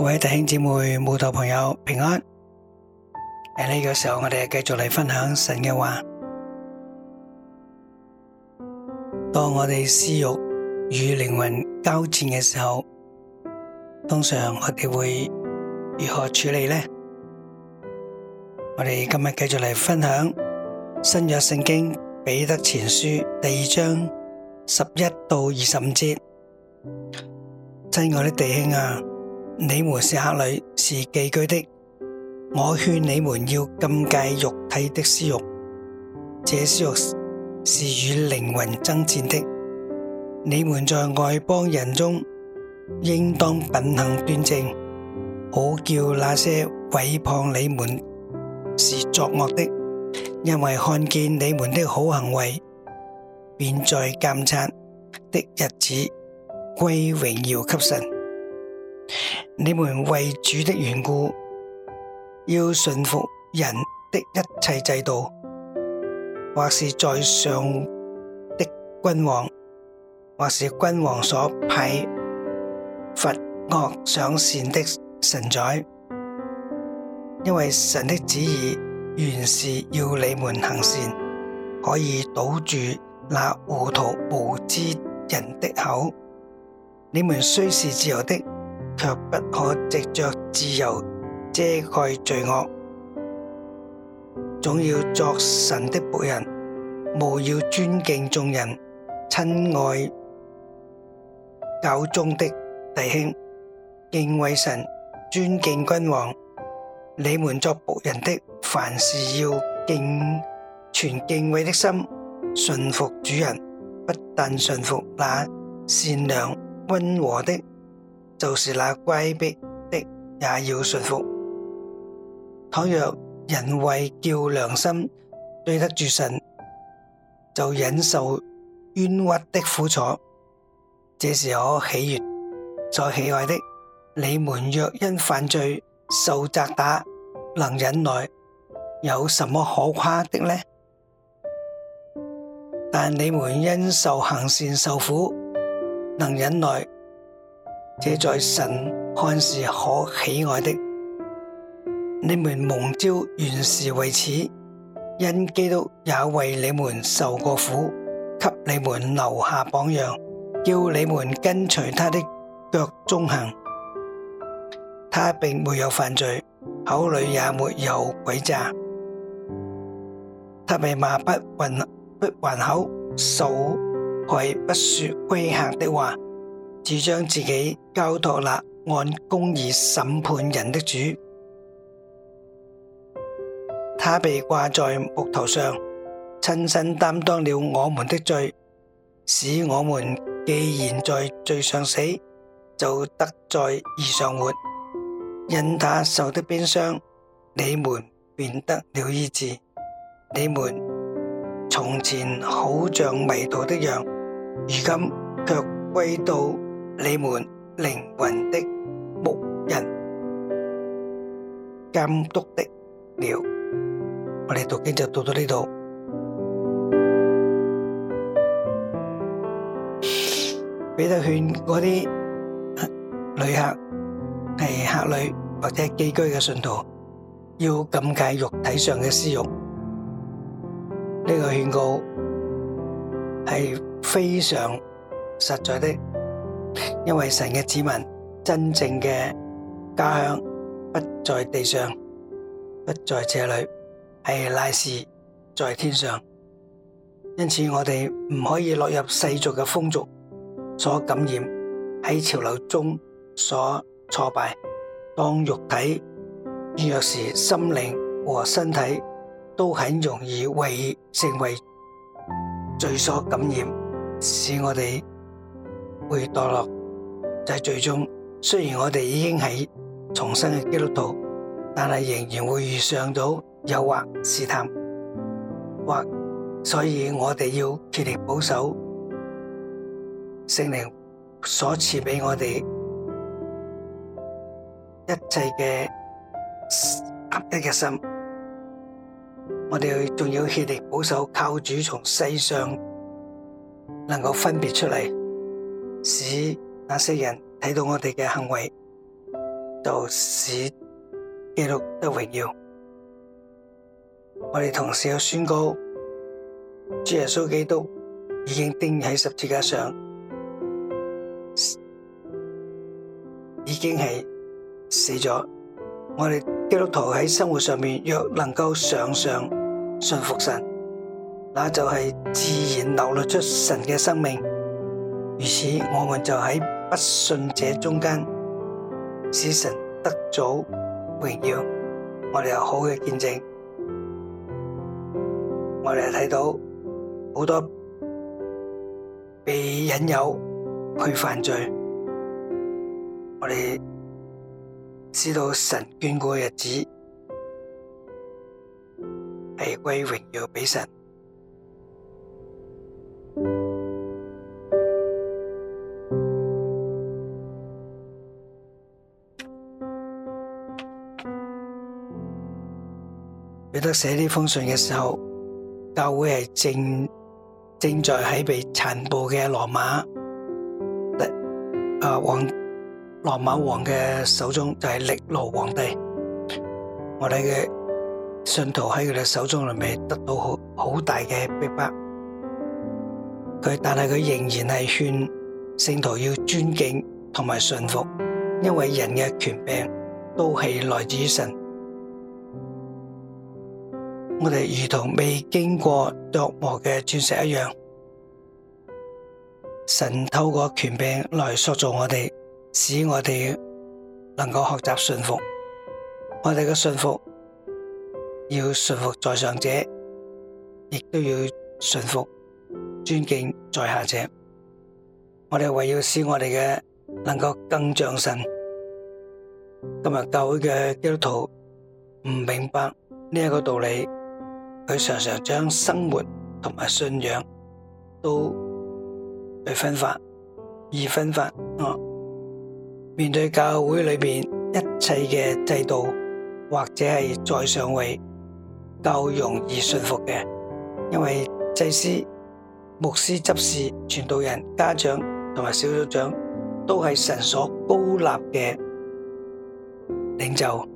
各位弟兄姊妹、慕道朋友平安。喺呢個時候，我哋繼續嚟分享神嘅話。當我哋私欲與靈魂交戰嘅時候，通常我哋會如何處理呢？我哋今日繼續嚟分享新約聖經彼得前書第二章十一到二十五節。親愛的弟兄啊！你們是客旅，是寄居的。我勸你們要禁戒肉體的私欲，這私欲是與靈魂爭戰的。你們在外邦人中，應當品行端正，好叫那些毀謗你們是作惡的，因為看見你們的好行為，便在監察的日子歸榮耀給神。你們為主的緣故，要順服人的一切制度，或是在上的君王，或是君王所派罰惡賞善的臣宰，因為神的旨意原是要你們行善，可以堵住那糊塗無知人的口。你們雖是自由的。卻不可藉着自由遮蓋罪惡，總要作神的僕人，務要尊敬眾人，親愛教中的弟兄，敬畏神，尊敬君王。你們作僕人的，凡事要敬存敬畏的心，順服主人。不但順服那善良溫和的。就是那乖僻的也要順服。倘若人為叫良心對得住神，就忍受冤屈的苦楚，這是我喜悅再喜愛的。你們若因犯罪受責打，能忍耐，有什麼可誇的呢？但你們因受行善受苦，能忍耐。這在神看是可喜愛的，你們蒙召原是為此，因基督也為你們受過苦，給你們留下榜樣，叫你們跟隨他的腳蹤行。他並沒有犯罪，口裏也沒有詭詐，他被罵不還不還口，受害不說威嚇的話。只將自，自己交託了按公義審判人的主，他被掛在木頭上，親身擔當了我們的罪，使我們既然在罪上死，就得在義上活。因他受的鞭傷，你們便得了醫治。你們從前好像迷途的羊，如今却歸到。你們靈魂的牧人，監督的鳥，我哋讀經就讀到呢度。彼得勸嗰啲旅客係客旅或者寄居嘅信徒，要禁戒肉體上嘅私欲。呢個勸告係非常實在的。因為神嘅子民真正嘅家鄉不在地上，不在這裏，係乃是在天上。因此我哋唔可以落入世俗嘅風俗所感染，喺潮流中所挫敗。當肉體軟弱時，心靈和身體都很容易為成為罪所感染，使我哋。會墮落，就最終雖然我哋已經係重生嘅基督徒，但係仍然會遇上到誘惑、試探，或所以我哋要竭力保守聖靈所賜俾我哋一切嘅合一嘅心，我哋仲要竭力保守靠主從世上能夠分別出嚟。使那些人睇到我哋嘅行為，就使基督得榮耀。我哋同時又宣告，主耶穌基督已經釘在十字架上，已經係死咗。我哋基督徒喺生活上面若能夠常常信服神，那就係自然流露出神嘅生命。如此，我們就喺不信者中間，使神得著榮耀。我哋有好嘅見證，我哋睇到好多被引誘去犯罪，我哋知道神眷顧嘅日子係歸榮耀俾神。寫呢封信嘅時候，教會係正正在喺被殘暴嘅羅馬誒，王，羅馬王嘅手中，就係尼禄皇帝。我哋嘅信徒喺佢哋手中裏面得到好好大嘅逼迫。佢，但係佢仍然係勸聖徒要尊敬同埋信服，因為人嘅權柄都係來自於神。我哋如同未經過琢磨嘅鑽石一樣，神透過權柄來塑造我哋，使我哋能夠學習順服。我哋嘅順服要順服在上者，亦都要順服尊敬在下者。我哋為要使我哋嘅能夠更像神。今日教會嘅基督徒唔明白呢一個道理。佢常常將生活同埋信仰都被分發，而分發。哦，面對教會裏邊一切嘅制度或者係在上位較容易信服嘅，因為祭司、牧師、執事、傳道人、家長同埋小組長都係神所高立嘅領袖，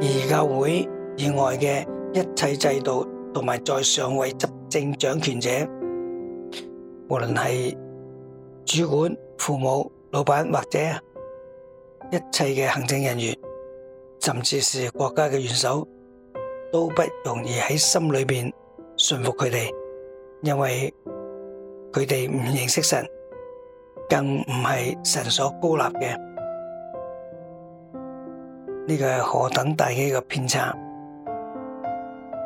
而教會以外嘅，一切制度同埋在上位執政掌權者，無論係主管、父母、老闆或者一切嘅行政人員，甚至是國家嘅元首，都不容易喺心裏邊順服佢哋，因為佢哋唔認識神，更唔係神所高立嘅。呢、這個係何等大嘅一個偏差！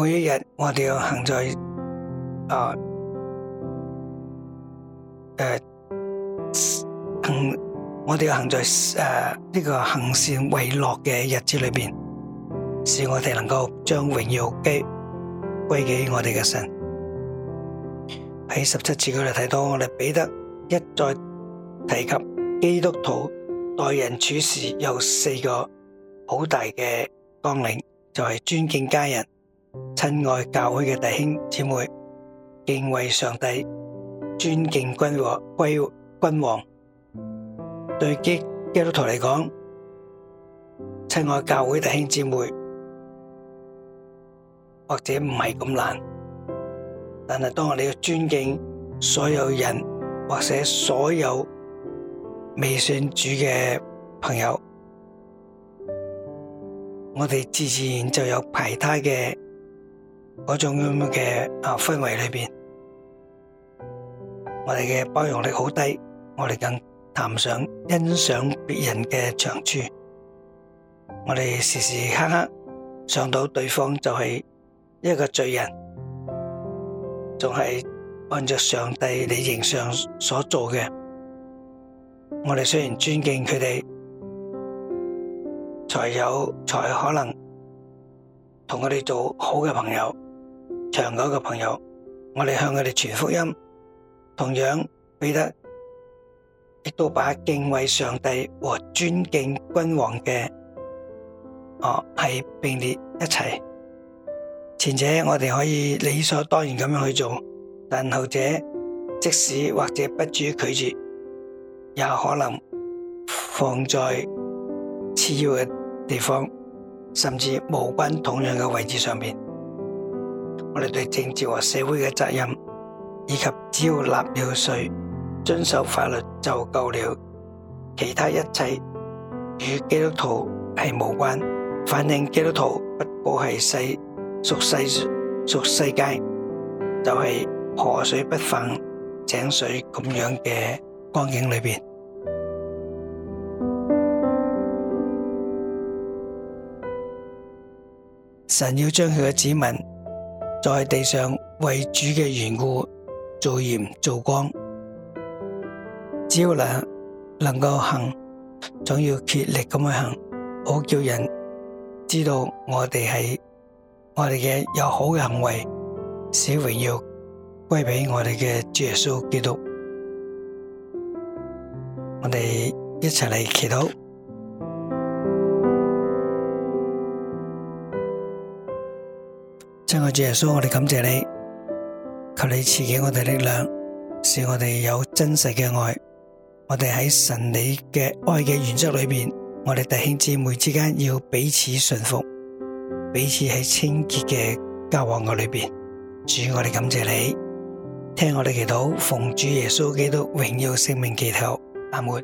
每一日我哋要行在，啊誒、呃、行，我哋要行在誒呢、啊這個行善為樂嘅日子裏邊，使我哋能夠將榮耀歸歸畀我哋嘅神。喺十七節嗰度睇到我哋彼得一再提及基督徒待人處事有四個好大嘅綱領，就係、是、尊敬家人。親愛教會嘅弟兄姊妹，敬畏上帝、尊敬君和，君王，對基基督徒嚟講，親愛教會嘅弟兄姊妹，或者唔係咁難，但係當我哋要尊敬所有人，或者所有未信主嘅朋友，我哋自然就有排他嘅。嗰種咁嘅氛圍裏面，我哋嘅包容力好低，我哋更談唔上欣賞別人嘅長處，我哋時時刻刻想到對方就係一個罪人，仲係按照上帝嚟形象所做嘅，我哋雖然尊敬佢哋，才有才可能同佢哋做好嘅朋友。長久嘅朋友，我哋向佢哋傳福音，同樣彼得亦都把敬畏上帝和尊敬君王嘅，哦係並列一起。前者我哋可以理所當然咁樣去做，但後者即使或者不至於拒絕，也可能放在次要嘅地方，甚至無關同樣嘅位置上面。我哋對政治和社會嘅責任，以及只要納了稅、遵守法律就夠了，其他一切與基督徒係無關。反正基督徒不過係世屬世屬世界，就係河水不犯井水咁樣嘅光景裏邊。神要將佢嘅指紋。在地上為主嘅緣故，做鹽做光，只要能能夠行，總要竭力咁去行，好叫人知道我哋係我哋嘅有好嘅行為，使榮耀歸畀我哋嘅主耶穌基督。我哋一齊嚟祈禱。親愛的主耶穌，我哋感謝你，求你賜給我哋力量，使我哋有真實嘅愛。我哋喺神你嘅愛嘅原則裏邊，我哋弟兄姊妹之間要彼此順服，彼此喺清潔嘅交往嘅裏邊。主，我哋感謝你，聽我哋祈禱，奉主耶穌基督榮耀聖名祈禱，阿門。